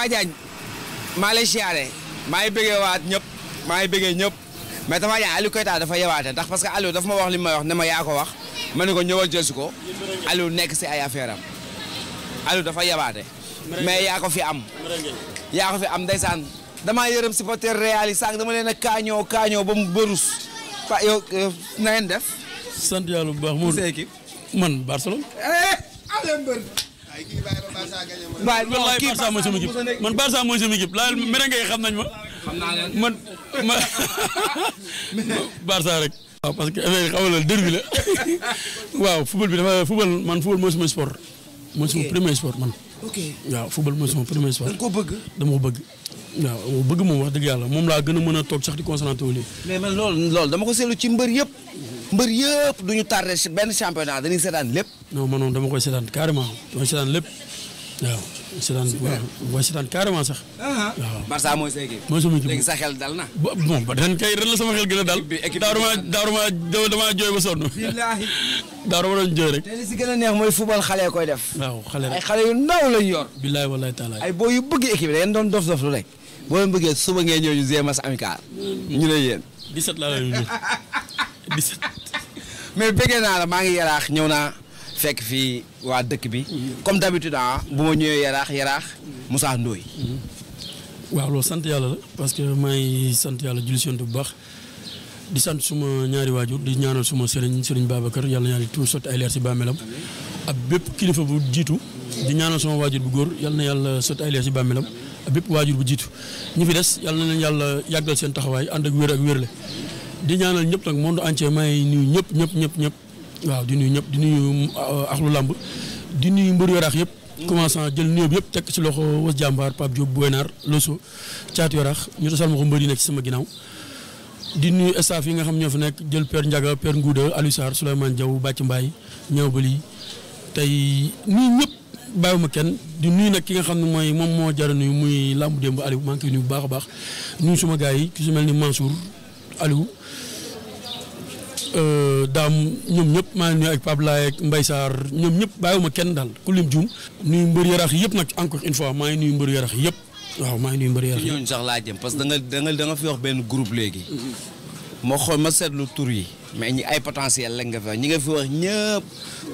Tapha Diagne maa lay siyaare maa ngi bëggee waat ñëpp maa ngi bëggee ñëpp mais Tapha Diagne Aliou Keita dafa yewaate ndax parce que Aliou dafa ma wax li ma wax ne ma yaa ko wax ma ne ko ñëwal jël si ko Aliou nekk si ay affaire am Aliou dafa yewaate mais yaako fi am yaa ko fi am ndeysaan damaa yërëm supporter Real yi sànq dama leen a kaañoo kaañoo ba mu bërus pa yow na ngeen def sant yàlla baax Modou sa man Barcelone. Eh, waaw non kii Barça mooy sama équipe man Barça mooy sama équipe laal merengue yi xam nañ ma. xam naa leen man ma Barça rek. waaw parce que affaire yi xamal la derby la waaw football bi dafa football man football mooy sama sport. mooy sama premier sport man. ok waaw football mooy sama premier sport. dama ko bëgg dama ko bëgg. waaw bëgg moom wax dëgg yàlla moom laa gën a sax di concentré wu nii. mais man loolu loolu dama ko seetlu ci mbër yëpp. mbër yëpp du ñu tardé benn championnat dañuy seetaan lépp. non man moom dama koy seetaan carrément dama seetaan lépp waaw. seetaan waaw waaw carrément sax. Ah, ah. waaw Barça mooy sa équipe. mooy sama équipe sa xel dal na. bon ba kay sama xel dal. bi équipe daaruma daaruma ba sonn. billaahi daaruma doon jooy rek. li neex football xale koy def. waaw xale ay xale yu ndaw lañ yor. billaahi wallaahi taala. ay boo yu bëgg équipe doon dof dof lu boo leen bëggee suba ngeen ñëw ñu GMS amical. Mm. ñu ne yéen. 17 laa lay ñëw 17. mais bëggee naa la maa ngi yaraax ñëw naa fekk fii waa dëkk bi. Mm. comme d'habitude ah bu ma ñëwee yaraax yaraax. Moussa Ndoye. Mm. waaw loolu sant yàlla la parce que maa ngi sant yàlla julli sant bu baax. di sant suma ñaari waajur di ñaanal suma sëriñ sëriñ Babacar yàlla ñaari tuur sot ay leer si bàmmeelam ak bépp kilifa bu jiitu di ñaanal sama waajur bu góor yal na yàlla sotti ay leer ci bàmmeelam bépp waajur bu jiitu ñi fi des yal na yàlla yàggal seen taxawaay ànd ak wér ak wér la di ñaanal ñëpp nag monde entier may nuyu ñëpp ñëpp ñëpp ñëpp waaw di nuyu ñëpp di nuyu uh, axlu làmb di nuyu mbër yaraax yëpp commençant jël nuyoo yëpp tekk ci loxo was jàmbaar Pape Diop Boynaar Loso caatu yaraax ñu tasal ma yi nekk sama ginnaaw di nuyu staff yi nga xam ñoo fi nekk jël Père Ndiaga Père Ngouda Aliou Sarr Souleymane Diaw Bàcc Mbaay ñëw ba lii tey nuyu ñëpp bàyyiwuma kenn di nuyu nag ki nga xam ne mooy moom moo jara nuyu muy làmb démb Aliou maa ngi koy nuyu bu baax a baax nuyu suma gars yi ki su mel ni Mansour euh, daam ñoom ñëpp maa ngi nuyu ak Pape Laye ñoom ñëpp bàyyiwuma kenn daal ku lim juum nuyu mbër yarax yëpp nag encore une fois maa ngi nuyu mbër yarax waaw maa ngi nuyu mbër yarax yëpp. ñooñu sax laa jëm parce que da nga da nga fi wax benn groupe léegi. moo xool ma seetlu tur yi mais ñi ay potentiel la nga fi wax ñi ñëpp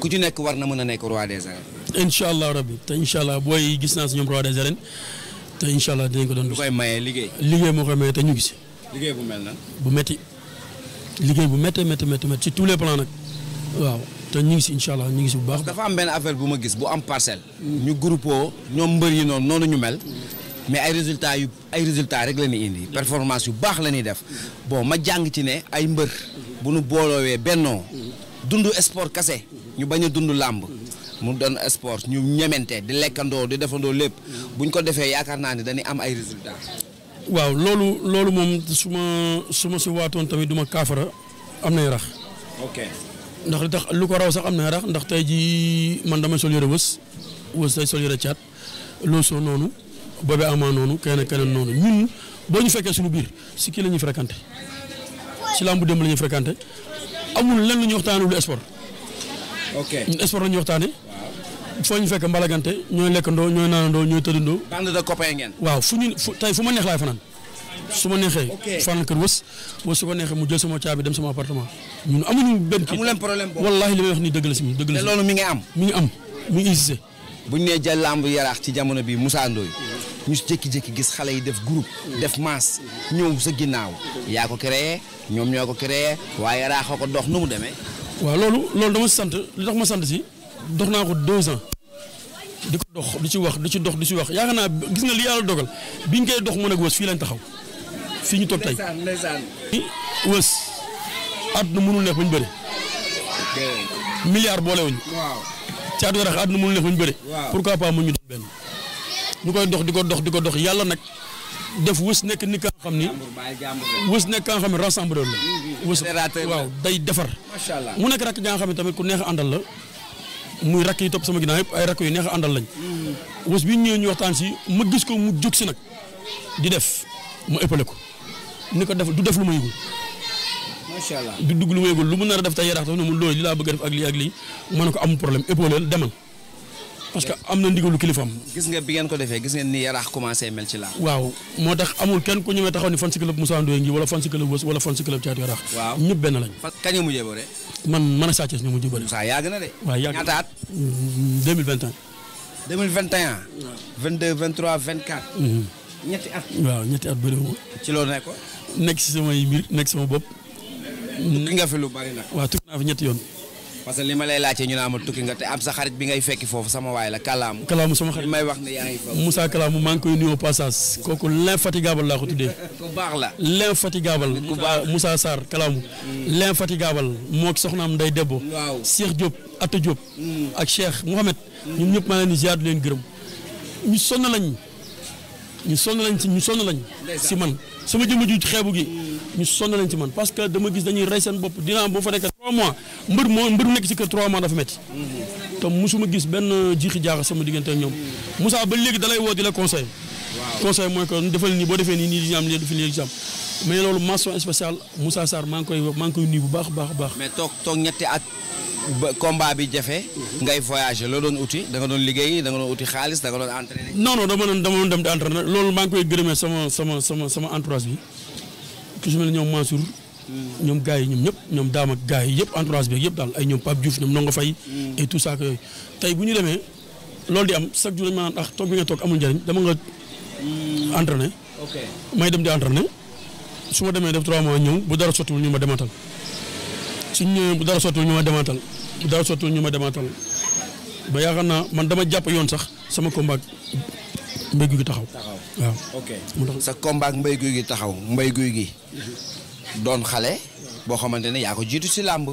ku ci nekk war na mën a nekk roi des arènes. incha allah rabbi te incha allah booy gis naa si ñoom roi des arènes te incha allah dinañ ko doon. du koy maye liggéey. liggéey moo koy maye te ñu gis. liggéey bu mel na. bu métti liggéey bu méttee métti ci tous les plans nag waaw te ñu ngi si incha allah ñu ngi si bu baax. dafa am benn affaire bu ma gis bu am parcel ñu groupé ñoom mbër yi noonu noonu ñu mel. mais ay résultats yu ay résultats rek la ñuy indi performance yu baax la ñuy def boo ma jàng ci ne ay mbër bu nu booloowee bennoo dund sport kase ñu bañ a dund làmb mu doon sport ñu ñemente di lekkandoo di defandoo lépp bu buñ ko defee yaakaar naa ni dañuy am ay résultats. waaw loolu loolu moom su ma su ma waatoon tamit du ma kaafara am na rax. ok ndax li tax lu ko raw sax am nay rax ndax tey jii man damay sol yëre wës wës day sol yëre caat loo soo noonu. boobe amaa noonu keneen keneen noonu ñun boo ñu fekkee suñu biir si kii la ñuy fréquenté si lambu dem la ñuy fréquenté amul lenn lu ñuy waxtaanee lu sport. ok ñun foo ñu fekk mbalagante ñooy lekkandoo ñooy naanandoo ñooy tëddandoo. bande de copain ngeen. waaw fu ñu fu tey fu ma neex fanaan su ma neexee. fanaan kër wës wës su ko neexee mu jël sama caabi dem sama appartement. ñun amuñu benn kii amu leen problème boobu wallaahi li may wax nii dëgg la si ñun dëgg la si. te mi ngi am. mi ngi am mi ngi bu ñu nee jël lamb yaraax ci jamono bi Moussa Ndoye ñu jékki-jékki gis xale yi def groupe def masse ñoom sa ginnaaw yaa ko créé ñoom ñoo ko créé waaye raaxoo ko dox nu mu demee. waaw loolu loolu dama sant li tax ma sant si dox naa ko deux ans di ko dox di ci wax di ci dox di ci wax yaakaar naa gis nga li yàlla dogal biñ koy dox mu ak wës fii lañ taxaw fii ñu toog tey. wës àdduna mënul neex bañ bëri. milliard boolewuñu. waaw ci àdduna rax àdduna mënul neex bañ bëri. pourquoi pas mu ñu doon benn. ñu koy dox di ko dox di ko dox yàlla nag def wës nekk ni ka nga xam ni wës nekk ka nga xam ne rassembleur la wës waaw day defar mu nekk rakk ja nga xam ne tamit ku neex a àndal la muy rakk yi topp sama ginnaaw yëpp ay rakk yu neex a àndal lañ hmm. wës bi ñëwee ñu waxtaan si ma gis ko mu jóg si nag di def ma ëppale ko ni ko def du def lu ma yëgul macha allah du dugg lu ma yëgul lu mu nar a def tey yaraax daf ne mu loolu li laa bëgg a def ak lii ak ne ko amul problème ëppaleel demal parce que am na ndigalu kilifaam. gis nga bi ngeen ko defee gis ngeen ni yaraax commencé mel ci laa. waaw moo tax amul kenn ku ñëwee taxaw ni fan si club Moussa Ndoye ngi wala fan si club Wës wala fan si club Thiatou Yaraax. benn lañ. man a Sa Thiès ñu mujjee bëre. de. Mhm. waaw ñetti at. waaw nekk ko. si samay mbir nekk sama bopp. tukki nga lu bari nag. waaw tukki naa fi ñetti yoon. parce que li ma lay laajte ñu naa tukki nga te am sa xarit bi ngay fekki foofu sama waay la kalaamu kalaamu sama xarit may wax ne yaa ngi fa Moussa kalaamu maa ngi koy nuyoo passage kooku l'infatigable laa ko tuddee ku baax la l'infatigable ku baax Moussa Sarr kalaamu mm. l'infatigable moo ak soxnaam nday debbo waaw Cheikh Diop Atta mm. ak Cheikh Mouhamed ñun ñëpp maa leen di ziar leen gërëm ñu sonn lañ ñu sonn lañ ci sonn lañ si man sama jëmm ju xeebu gi ñu sonn lañ si man parce que dama gis dañuy rey seen bopp dinaa boo fa nekk trois mois mbër moo mbër nekk ci kër trois mois dafa métti te suma gis benn jiixi jaaxa sama diggante ak ñoom Moussa ba léegi dalay woo di la conseil conseil mooy que defal nii boo defee nii nii dina am lii du fi lii du am mais loolu mention spéciale Moussa Sarr maa koy maa koy nuyu bu baax baax baax. mais toog toog ñetti at ba combat bi jafe. ngay voyager loo doon uti da doon liggéey da nga doon uti xaalis da nga doon entraîner. non non dama doon dama doon dem di entraîner loolu maa ngi koy gërëmee sama sama sama sama bi ki su mel ne ñoom Mansour. ñoom gars yi ñoom ñëpp ñoom daama ak gars yi yëpp entourage bi yëpp daal ay ñoom Pape Diouf ñoom Ndongo Faye. et tout ça yooyu tey bu ñu demee loolu am chaque jour dañu maanaam ah toog bi nga toog amul entraîné. may dem di entraîné su ma demee def 3 mois ñëw bu dara sottiwul ñu ma dematal suñ ñëwee bu dara sottiwul ñu ma dematal bu dara sottiwul ñu ma dematal ba yaakaar naa man dama jàpp yoon sax sama combat mbéy guy gi taxaw. waaw ok sa combat ak guy gi taxaw mbéy gi doon xale. boo xamante ne yaa ko jiitu si làmb.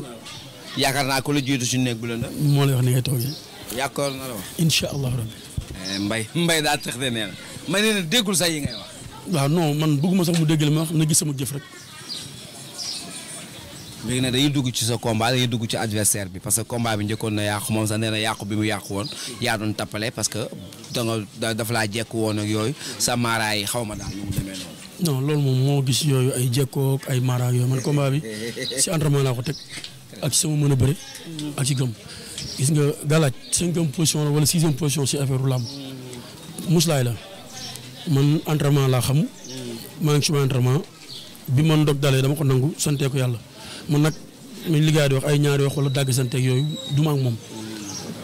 yaakaar naa ko la jiitu si néeg bu la moo la wax ni ngay toogee. yaakaar naa la wax. Eh, mbay mbay daa tax ma ne déggul sax yi ngay wax. waaw non man ma sax mu dégg li ma wax na gis sama jëf rek. léegi nag dañuy dugg ci sa combat dañuy dugg ci adversaire bi parce que combat bi njëkkoon na yàqu moom sax nee yàqu bi mu yàqu woon yaa doon tappale parce que danga dafa laa jekk woon ak yooyu sa maaraay yi xaw ma daal nu loolu moom moo gis yooyu ay jekkoog ay maaraay yooyu man combat bi si entraînement laa ko ak si sama mën a bëre ak si gëm gis nga galaaj cinquième position la wala sixième position si affaire làmb muslaay la. man entraînement la xam hmm. ma ngi ci entraînement bi man dog dalé dama ko nangu santé ko yalla man nak mi ligay di wax ay ñaar wax wala dag santé ak yoyu duma ak mom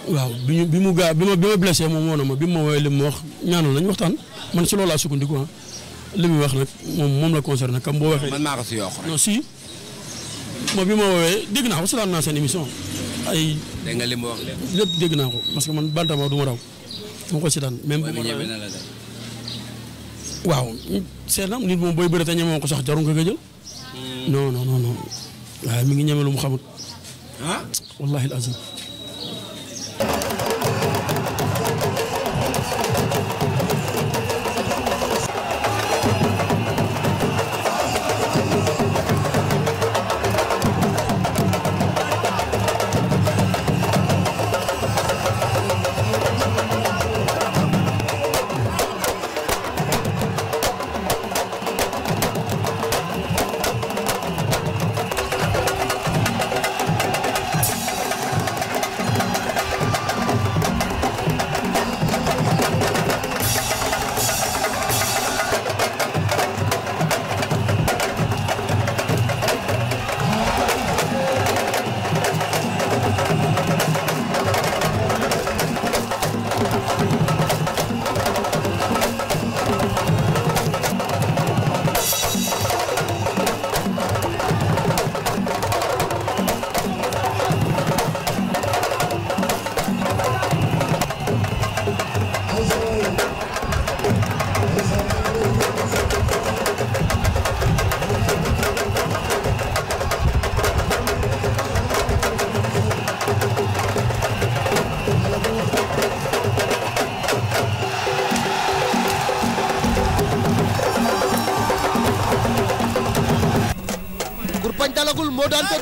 waaw biñu ñu bi mu gaa bi ma bi blessé mom woon na ma bima way lim wax ñaanal nañ waxtan man ci lola laa sukkandiku ah. limi wax nak mom mom la concerné kam bo waxee. man maa ko si yokk non si. mo bima wowe deg na naa ko seetaan naa émission ay. dégg nga lim wax lepp deg na ko parce que man bantama duma raw dama ci seetaan. même bu ma waaw seet na nit moom booy bëri te ñemewoon ko sax jarul nga ko jël. Hmm. non non non non waaye mi ngi ñeme lu mu xamut. ah wallaahi al azim.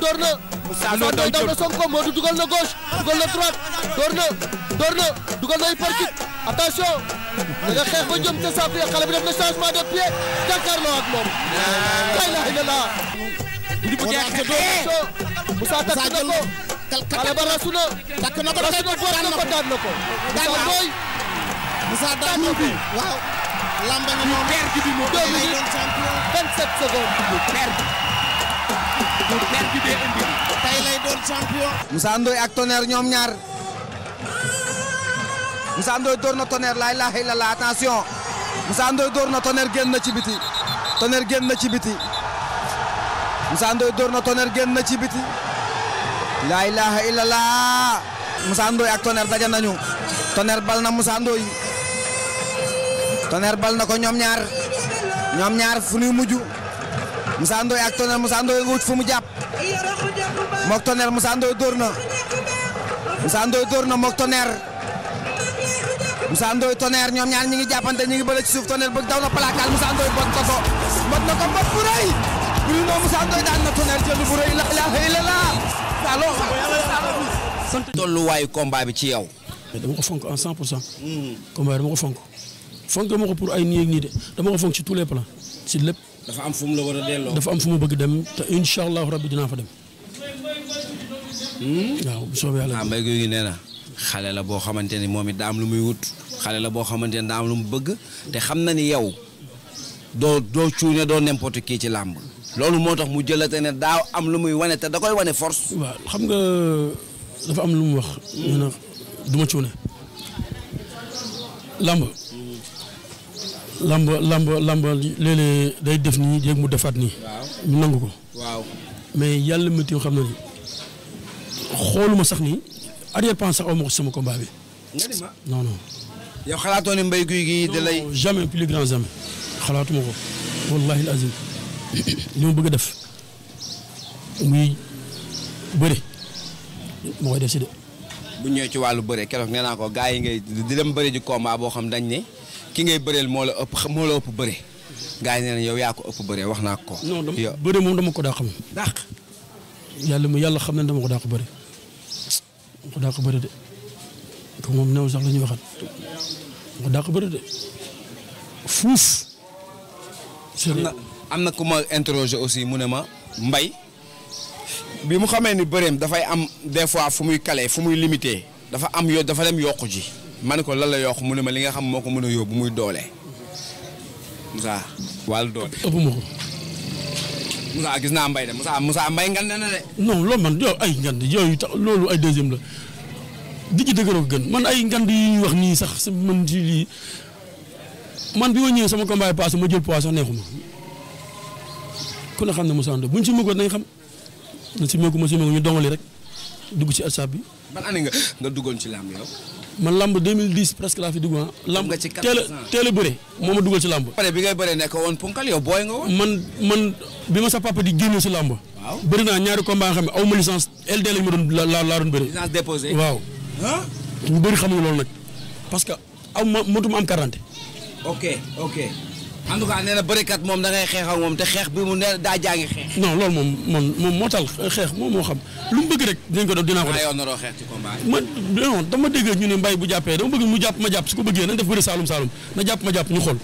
door na Moussa Lo daw na Sonko Modou dugal na gauche dugal na droite door na dugal na hypercut attention da nga xeex ba jëm te saako xale bi def na changement de pied jàkkaarloo ak moom. kay la ila la. bu dee xeexee Moussa takk na ko xale rasu na. takk na ko rasu na boor na ko daan na ko. daan na ko Moussa daan na ko waaw. lamba nga moom perte bi moo. 2 minutes 27 secondes. pour kenn jugee indi tey doon ak Tonnerre ñoom ñaar Moussa Ndoye door na Tonnerre laa ilaaha illallaah attention Moussa Ndoye door na Tonnerre génn na ci biti Tonnerre génn na ci biti Moussa Ndoye na Tonnerre génn na ci biti laa ilaaha illallaah Moussa Ndoye ak Tonnerre daje nañu Tonnerre bal na Moussa Ndoye Tonnerre bal na ko ñoom ñaar ñoom ñaar fu ñuy mujj. Moussa Ndoye ak Tonnerre Moussa Ndoye nga wut fu mu jàpp mook Tonnerre Moussa Ndoye dóor na Moussa Ndoye dóor na mook Tonnerre Moussa ñoom ñaar ñi ngi jàppante ñi ngi bële ci suuf Tonnerre bëgg daw na plaakaal Moussa Ndoye bot ko ko bot na ko bot bu rëy Bruno daan na Tonnerre jël bu rëy la ilaha illallah salo sant tolluwaayu combat bi ci yow dama ko fonk en 100 dama ko fonk fonk dama ko ay nii ak de dama ko fonk ci tous les plans ci dafa am fu mu la war a dafa am fu mu bëgg dem te incha allahu rabbi dinaa fa dem. Hmm? waaw bu soobee yàlla. ah mbay gi nee na xale la boo xamante ni moom it daa am lu muy wut xale la boo xamante ni daa am lu mu bëgg te xam na ni yow doo doo cuune doo n'importe kii ci làmb. loolu moo tax mu jëlate ne daa am lu muy wane te da koy wane force. waaw xam nga dafa am lu mu wax. nee na cuune làmb. lamb lamb lamb léeg day def nii léegi mu defaat nii. ñu nangu ko. waaw mais yàlla métti xam na ni xooluma sax nii arrière pensée sax aw ma ko sama combat bi. nga yow xalaatoo ne mbay guy gii da lay. jamais plus grand jamais. xalaatuma ko wallahi alazim li ma bëgg a def muy bëre ma koy def si de. bu ñëwee ci wàllu bëre keroog nee naa ko gars yi ngay di dem bëri ji combat boo xam dañ ne. ki ngay bëreel moo la ëpp moo la ëpp bëre. gars yi nee na yow yaa ko ëpp bëre wax naa ko. non dama bëre moom dama ko daa xam. dàq. yàlla mu yàlla xam ne dama ko daa ko bëre. dama ko daa la ñuy waxat. dama ko daa am na am na ma aussi mu ne ma mbay bi mu xamee ni bëreem dafay am des fois fu muy caler fu muy limité dafa am yo dafa dem yokku ji. man ko lan la yo mu ma li nga xam moko meuna yo bu muy doole. musa wal do ëpp ma gis na mbay de musa musa mbay ngan na de. non lo man yo ay ngand yo tax loolu ay deuxième la digg deugero gën man ay ngand yi wax ni sax man ci li man bi ma sama combat yi passé ma jël poisson sax neexuma ku ne xam ne Moussa buñ ci mëgoon nañ xam na si mëgu ma si mëgu ñu dongale rek dugg ci asab bi. ban année nga nga duggoon ci lamb yow. man lamb 2010 presque laa fi dugg ah. lamb teel a teel a bëre moo ma dugal ci lamb. bi ngay bëree nekk woon punkal man bi ma sa papa di génne si lamb. waaw bëri naa ñaari combat nga xam ne aw ma licence LD lañ ma doon la laa doon bëri. licence déposée waaw. ñu loolu nag parce que aw ma mënatu am quarante. ok ok. en tout cas nee na moom dangay ngay moom te xeex bi mu ne daa ngi xeex. non loolu moom moom moom moo tal xeex moom moo xam lu mu bëgg rek dinañ ko def dinaa ko def. naroo xeex ci combat man non dama dégg ñu ne mbay bu jàppee dama bëgg mu jàpp ma jàpp su ko bëggee nañ def bëri saalum saalum na jàpp ma jàpp ñu xool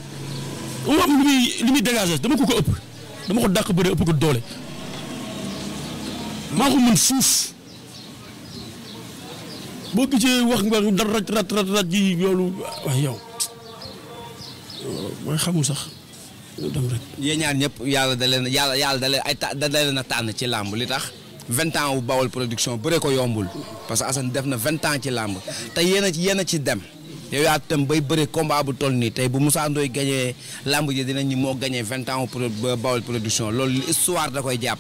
mu am lu muy lu dama ko ko ëpp dama ko dàq bëri ëpp ko doole maa ko mën fuuf boo gisee wax nga rat rat rat rat yow. mooy xamul sax dem rek. yéen ñaar ñëpp yàlla da leen yàlla yàlla da da leen a tànn ci làmb li tax. vingt ans wu Bawol production bëre ko yombul parce que Assane def na vingt ans ci làmb te yéen a yéen a ci dem yow yaa tam bay bëre combat bu toll nii tey bu Moussa Ndoye gañee làmb ji dinañ ñi moo gañee vingt ans wu Bawol production loolu histoire da koy jàpp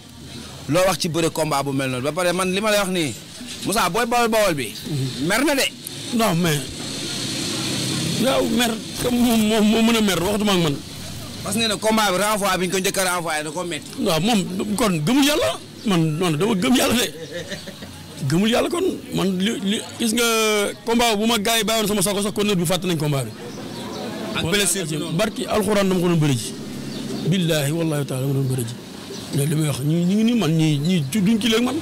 loo wax ci bëre combat bu mel noonu ba pare man li ma lay wax nii Moussa booy Bawol Bawol bi mm-hmm. mer na de non mais yow mer moom moo mën a mer waxtu ma ak man. parce que nee na combat bi renvoi bi ko njëkk a da koo métti. waaw moom kon gëmul yàlla man man dama gëm yàlla de gëmul yàlla kon man li li gis nga combat bu ma gars sama saako sax kon nit bi fàtte nañ combat bi. ak blessure bi noonu barki alxuraan dama ko doon bëri ji. billaahi wallaahi taala dama doon bëri ji mais li may wax ñu ñu ni nii man ñii ñii duñ ci léegi man.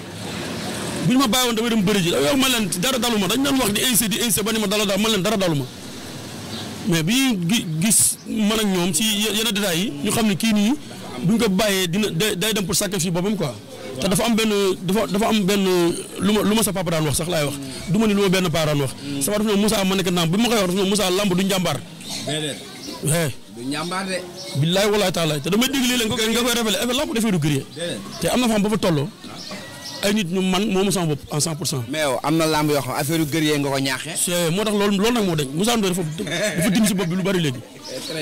bu ma bàyyiwoon damay dem bëri ji yow ma leen dara daluma dañ doon wax di incité di incité ba ni ma dala dal ma leen dara daluma. mais bi ñuy gis man ak ñoom ci yenn détails yi ñu xam ne kii nii bu ñu ko bàyyee dina day dem pour sacrifice boppam quoi. te dafa am benn dafa dafa am benn lu ma lu ma sa papa daan wax sax laay wax du ma ni lu ma benn paa daan wax. sama dafa ne Moussa ma nekk naam bi ma koy wax dafa ne Moussa lamb du njàmbaar. déedéet. Eh. du njàmbaar de. billaay walaay taalaay te damay dégg léeg-léeg nga koy nga koy eh, du gëree. te am na fa xam ba fa tolloo. ay nit ñu man moomu sama bopp en 100 pour cent. mais yow am na lamb yoo xam affaire yu gër yee nga ko ñaaxee. c'est moo tax loolu loolu nag moo dañ Moussa Ndoye dafa dafa dindi si bopp bari léegi.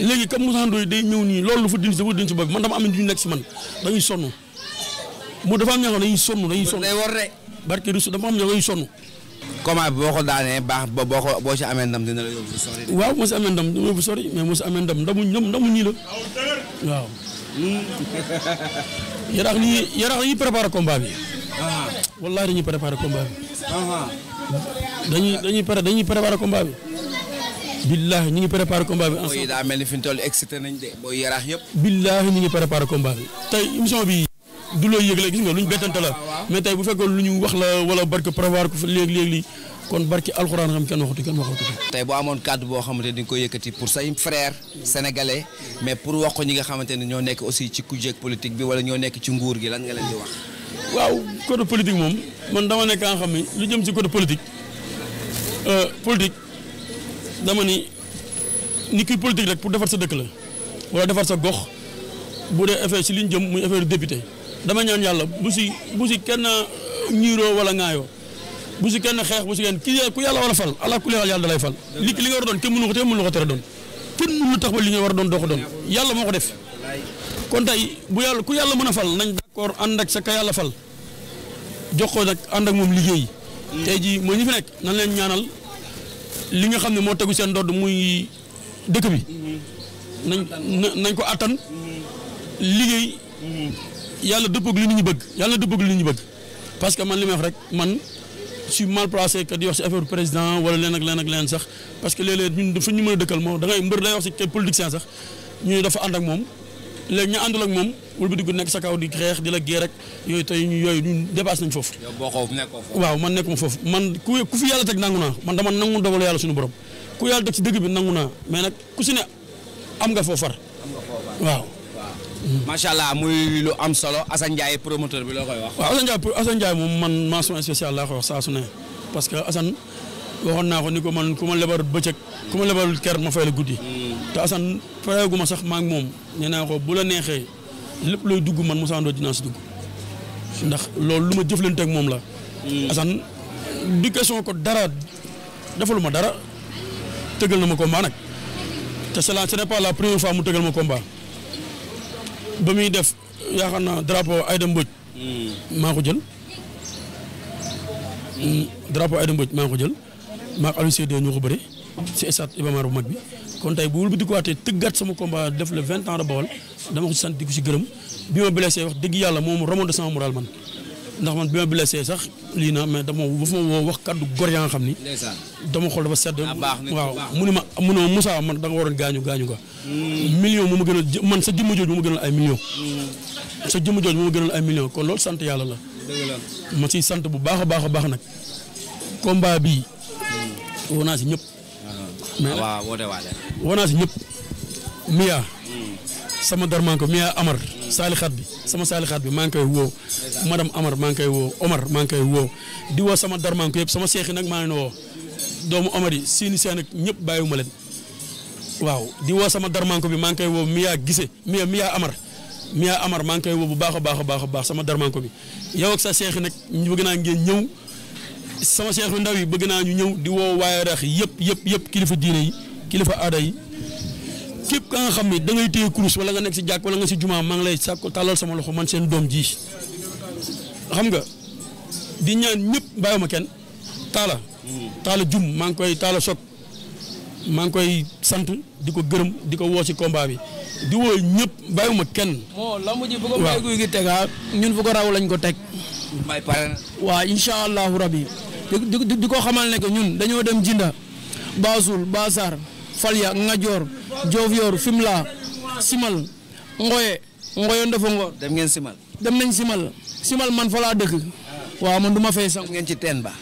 léegi comme Moussa Ndoye day ñëw nii loolu dafa dindi dafa dindi si bopp bi man dama am ñu nekk si man dañuy sonn mu dafa am ñoo xam dañuy sonn dañuy sonn. day war de. barke dafa am boo ko daanee baax ba boo ko boo si amee ndam dina la yóbbu sori. waaw moo si amee ndam dina la yóbbu sori mais moo si amee ndam ndamu ndamu ñii la yaraax yi yaraax yi préparé combat bi wallahi dañuy préparé combat bi. dañuy dañuy pare dañuy préparé combat bi. billahi ñu ngi préparé combat bi. ensemble booy yi daa mel ni fi nañ de booy yaraax yëpp. billahi ñu ngi préparé combat bi. tey bi du looy yëgle gis nga luñ ah, bettante la. mais tey bu fekkoon lu ñu wax la wala barke prévoir ko fa léeg kon barki alxuraan xam kenn waxatu kenn waxatu ko. tey boo amoon kàddu boo xamante ni nga koy yëkkati pour say frère sénégalais mais pour wax ko ñi nga xamante ne ñoo nekk aussi ci kujéeg politique bi wala ñoo nekk ci nguur gi lan nga leen di wax. waaw côté politique moom man dama nekk nga xam ne lu jëm ci côté politique euh, politique dama ni ni kuy rek pour defar sa dëkk la wala defar sa gox bu dee effet ci li ñu jëm muy affaire député dama ñaan yàlla bu ci bu ci kenn euh, ñiiroo wala ŋaayoo bu ci kenn xeex bu ci kenn ki ku yàlla war a fal allah kulli yàlla dalay fal. li li nga war a doon kenn mënu ko te mënu ko tere doon kenn mënu tax ba li war a doon doo ko doon yàlla moo ko def kon bu yàlla ku yàlla mën a fal d'accord ànd ak sa ka yàlla fal jox ko nag ànd ak moom liggéey. Mm. tey jii moo ñu fi nekk nan leen ñaanal li nga xam ne moo tegu seen ndodd muy dëkk bi. Mm. nañ nañ ko attan mm. liggéey. yàlla dëppoo ak li nit ñi bëgg yàlla dëppoo ak li nit ñi bëgg que man li may rek man je suis mal placé que di wax ci président wala leen ak leen ak leen sax parce que léeg ñun fu ñu mën a dëkkal moom da ngay mbër day wax ci politicien sax ñu dafa ànd ak moom. léegi ñu àndul ak moom wul bi dugg nekk sa kaw di xeex di la géer rek yooyu tey yooyu ñu dépassé nañ foofu. yow waaw man nekkuma foofu man ku ku yàlla teg nangu naa man dama nangu dogalu yàlla suñu borom ku yàlla teg ci dëgg bi nangu naa mais nag ku si ne am nga foofar far. am nga foofu far waaw. macha muy lu am solo Assane promoteur bi loo koy wax. waaw moom man mention spéciale laa koy wax saa su ne parce que waxoon naa ko ni ko man ku ma lebarul bëccëg ku ma lebarul ker ma fay la guddi hmm. te Assane fareegu ma sax maa ngi moom nee naa ko bu la neexee lépp looy dugg man Moussa Ndoye dinaa si dugg ndax loolu lu ma jëflante ak moom la hmm. Assane du question ko dara defalu ma dara tëgal na ma combat nag te cela ce n'est pas la première fois mu tëgal ma combat ba muy def yaakaar drapo hmm. drapeau Aïda Mbodj maa ko jël maak Alioune Seye ñoo ko bëri si stade Iba Mar bu mag bi kon tey bu wul bi si sant wax dëgg yàlla moom remonté sama moral man ndax man bi ma blessé sax lii na mais dama ma woo wax kaddu gor yaa nga xam ni dama xool dafa sedd ah, waaw mu ne ma mu ne ma Moussa man da nga waroon gaañu gaañu nga hmm. million ma gënal man sa jëmm jooju mu ma gënal ay million hmm. sa jëmm jooju mu ma gënal ay million kon loolu sant yàlla la ma siy sant bu baax a baax a baax nag combat bi woo naa si ñëpp. Ah, waaw woote waale. ñëpp. Mia. Hmm. sama darmanko Mia Amar. Hmm. saalixaat bi sama saalixaat bi maa ngi koy woo. madame Amar maa ngi koy woo Omar maa ngi woo. di woo sama darmanko yëpp sama seex nag maa ngi woo. doomu Omar yi seen ak ñëpp bàyyiwuma leen. waaw di woo sama darmanko bi maa ngi koy woo Mia Gise Mia Mia Amar. Mia Amar maa ngi woo bu baax a baax a baax a baax sama darmanko bi yow sa seex yi nag bëgg naa ngeen ñëw. sama cheikh ndaw yi bëgg na ñu ñëw di wo way rax yépp yépp yépp kilifa diiné yi kilifa aada yi képp ka nga xamni da ngay téy kurus wala nga nek si jakk wala nga si juma ma ngi lay sakku talal sama loxo man seen dom ji xam nga di ñaan ñëpp bayuma kenn tala tala jum mangkoi ngi koy tala sok ma ngi koy sant di ko gërëm di ko woo combat bi di wo ñëpp bayuma kenn. mo lamu ji bu ko mbay gi ñun fu ko raw lañ ko tek may allahu di ko xamal ne ñun dañoo dem Jinda Bazul, Bazar, Falya Ngajor Jovior, Fimla, Simal Ngoye Ngoye ngo dem ngeen Simal. dem nañ Simal Simal man fala deug wa man duma fay sax ngeen ci ten ba.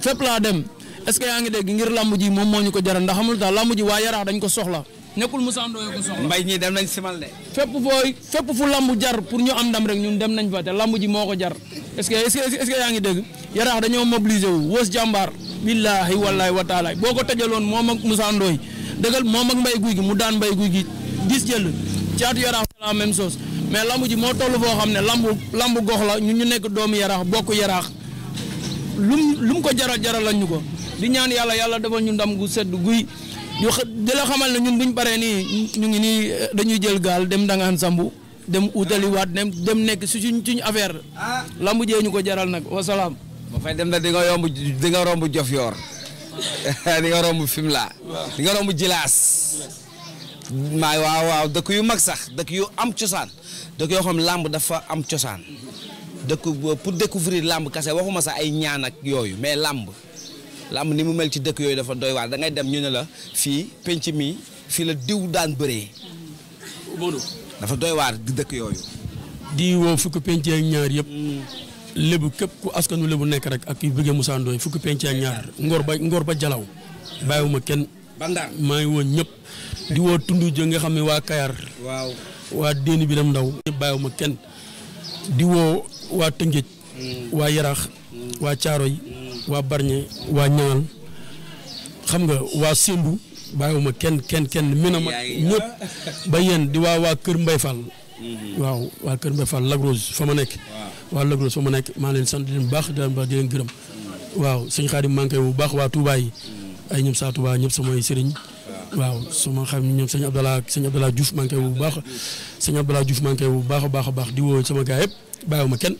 Fep la dem est ce que yaa deg ngir lamb ji mom moñu ko jaral ndax xamul ta lamb ji wa yara dañ ko soxla. nekul yo ko soxla mbay ñi dem nañ simal de fep boy, fep fu lamb jar pour ñu am ndam rek ñun dem nañ fa te lamb ji moko jar est ce que est ce que deg yarax dañoo mobiliser wu wos jambar billahi wallahi wa taala boko ko tëjaloon moom ak musa ndoy dëggal mom ak mbay guy gi mu daan mbay guy gi gis jël caatu yarax la même chose mais lambu ji mo tollu bo xamne lambu lambu gox la ñun ñu nekk doomu yarax bokku yarax lum lum ko jaral jaral lañu yala ko di ñaan yalla yalla defal ñu ndam gu sedd guuy yo de la xamal ne ñun buñ paré ni ñu ngi ni dañuy jël gal dem dangaan sambu dem outali wat dem dem nekk su suñ suñ affaire ah. lambu jeñu ko jaral wa salam ba fay dem na di nga yomb di nga romb Diofior di nga romb Fimela di nga romb Jilaas maay waaw waaw dëkk yu mag sax dëkk yu am cosaan dëkk yoo xam làmb dafa am cosaan dëkk pour découvrir làmb kase waxuma sax ay ñaan ak yooyu mais làmb làmb ni mu ma ci dëkk yooyu dafa doy waar da dem ñu ne la fii penc mi fii la diw daan bëree dafa doy waar dëkk yooyu di woo fukk penc ak ñaar yëpp mm. lépp képp ku askanu lébu nekk rek ak yu bëggee Moussa Ndoye fukki penc ak ñaar ngor ba ngor ba jalaw bàyyiwuma kenn. ma maa ngi woo ñëpp. di woo tund jë nga xam ne waa Kayar. waaw waa Déni Biram Ndaw. bàyyiwuma kenn di woo waa Tëngéej. Mm. waa Yaraax. Mm. waa Caaroy. Mm. waa Barñe. waa Ñangal xam nga waa Sendou. bàyyiwuma kenn kenn kenn mina ma ñëpp ba yéen di waa Kër Mbay Fall. Mm-hmm. waaw waa Kër Mbay Fall Lagrose fa ma nekk. waa Lac Rose fa ma nekk maa leen sant di leen baax di leen baax di leen gërëm waaw sëñ Xaadim manqué bu baax waa Touba yi ay ñoom saa Touba ñëpp samay sëriñ waaw sama xam ñoom sëñ Abdallah sëñ Abdallah Diouf manqué bu baax sëñ Abdallah Diouf manqué bu baax a baax a baax di woo sama gaay yëpp bàyyiwuma kenn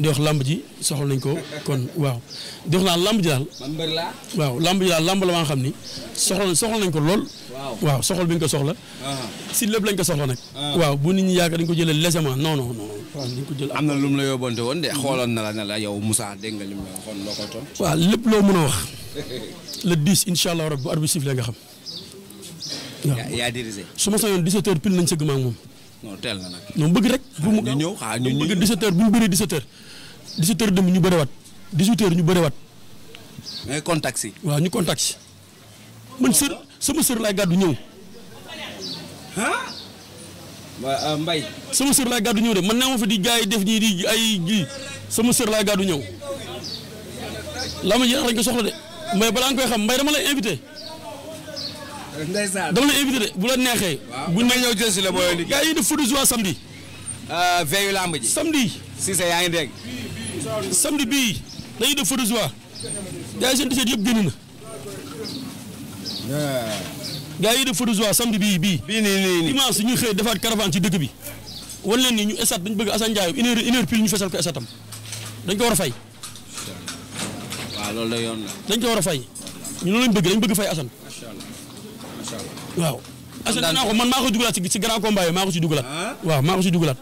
di wax lamb ji soxal nañ ko kon waaw di wax naan lamb ji daal. man mbër laa. waaw lamb ji daal lamb la nga xam ni soxla soxal nañ ko lool. waaw soxal bi ñu ko soxla. Ah. si lépp lañ ko soxla nag. Ah. waaw bu nit ñi yaakaar dañ ko jëlee légèrement non non non. waaw am na lu la yóbbante woon de mm-hmm. xooloon na la ne la yow Moussa dégg nga li mu la waxoon loo ko toon. waaw lépp loo a wax la 10 incha allah rabbi bu arbitre xam. waaw yaa dirigé su ma sañoon 17 heures pile nañ moom non tel na nak non bëgg rek bu mu ñëw xaa ñu bëgg 17h bu ñu bëré 17h 17h dem ñu bëré wat 18h ñu bëré wat mais contact si waaw ñu contact si man seur sama seur lay gaddu ñëw ha ba euh, mbay sama seur lay gaddu ñëw de man naa fa di gaay def ni di ay gi sama seur lay gaddu ñëw lama jeex lañ ko soxla de mais bala nga koy xam mbay dama lay inviter ndeysaan dama la invité de bu la neexee. bu ñu ñëw jël si la mooy liggéey. gars yi def photo joie samedi. Euh, veillu lamb ji. ngi dégg. samedi bii dañuy def photo joie. gars seen t yëpp génn na. Euh. gars yi def photo joie samedi bii bii. bii ñu xëy defaat caravane ci dëkk bi. wan ñu estat dañu bëgg Assane Ndiaye une heure une heure pile ñu fesal ko estatam dañ ko war a fay. waaw loolu la yoon dañ ko war a fay ñu loolu lañ bëgg dañ bëgg fay Assane. waaw. kon naa ko man maa ko dugalaat ci grand combat yi maa ko ci dugalaat. waaw maa ko ci dugalaat.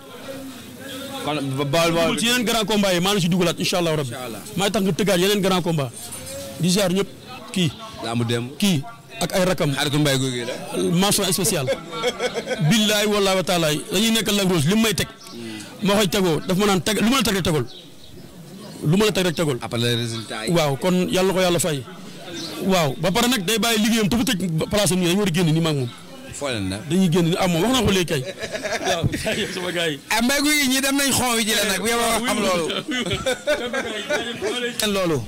kon baal baal ci yeneen grand combat yi maa ngi ci dugalaat incha allah rabbi. maa tax nga tëggaat yeneen grand combat. di ziar ñëpp kii. laamu dem kii ak ay rakam. xaritu mbay googu la. mention spéciale. billaay wallaahi wa taalaay dañuy nekkal Lac Rose li may teg. moo koy tegoo daf ma naan teg lu ma la teg rek tegul. lu ma la teg rek tegul. après les résultats yi. waaw kon yàlla ko yàlla fay. waaw ba pare nag day bàyyi liggéeyam te bu tëj place am nii dañu war a génn nii maag moom. foo dañuy génn nii am ah, wax na ko léegi kay. waaw sama gars yi. ah mbéy mi ñii dem nañ xoow ji la nag yow a xam loolu. loolu.